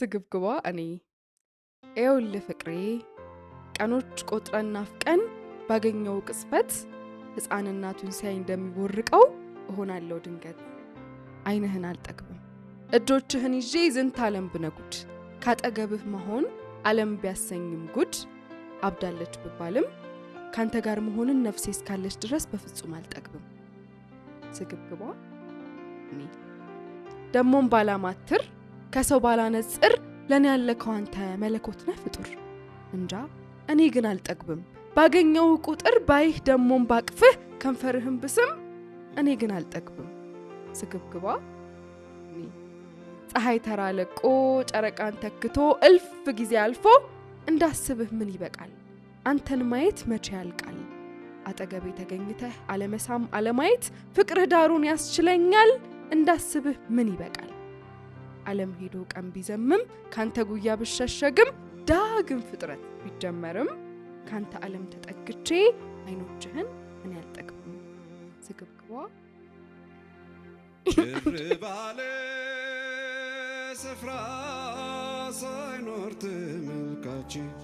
ስግብግቧ እኔ ኤውል ፍቅሬ ቀኖች ቆጥረን ናፍቀን ባገኘው ቅጽበት ሕፃንናቱን ሳይ እንደሚቦርቀው እሆናለሁ ድንገት። ዓይንህን አልጠግብም እጆችህን ይዤ ዝንት አለም ብነጉድ ካጠገብህ መሆን አለም ቢያሰኝም ጉድ አብዳለች ብባልም ካንተ ጋር መሆንን ነፍሴ እስካለች ድረስ በፍጹም አልጠግብም። ስግብግቧ እኔ ደሞም ባላማትር ከሰው ባላነጽር ለእኔ ያለከው አንተ መለኮት ነህ ፍጡር። እንጃ እኔ ግን አልጠግብም ባገኘው ቁጥር ባይህ ደሞም ባቅፍህ ከንፈርህም ብስም እኔ ግን አልጠግብም። ስግብግቧ ፀሐይ ተራለቆ ጨረቃን ተክቶ እልፍ ጊዜ አልፎ እንዳስብህ ምን ይበቃል? አንተን ማየት መቼ ያልቃል? አጠገቤ ተገኝተህ አለመሳም አለማየት ፍቅርህ ዳሩን ያስችለኛል። እንዳስብህ ምን ይበቃል? ዓለም ሄዶ ቀን ቢዘምም ካንተ ጉያ ብሸሸግም ዳግም ፍጥረት ቢጀመርም ካንተ ዓለም ተጠግቼ አይኖችህን እኔ አልጠግብም። ዝግብግቧ ባለ ስፍራ ሳይኖር ትምልካችን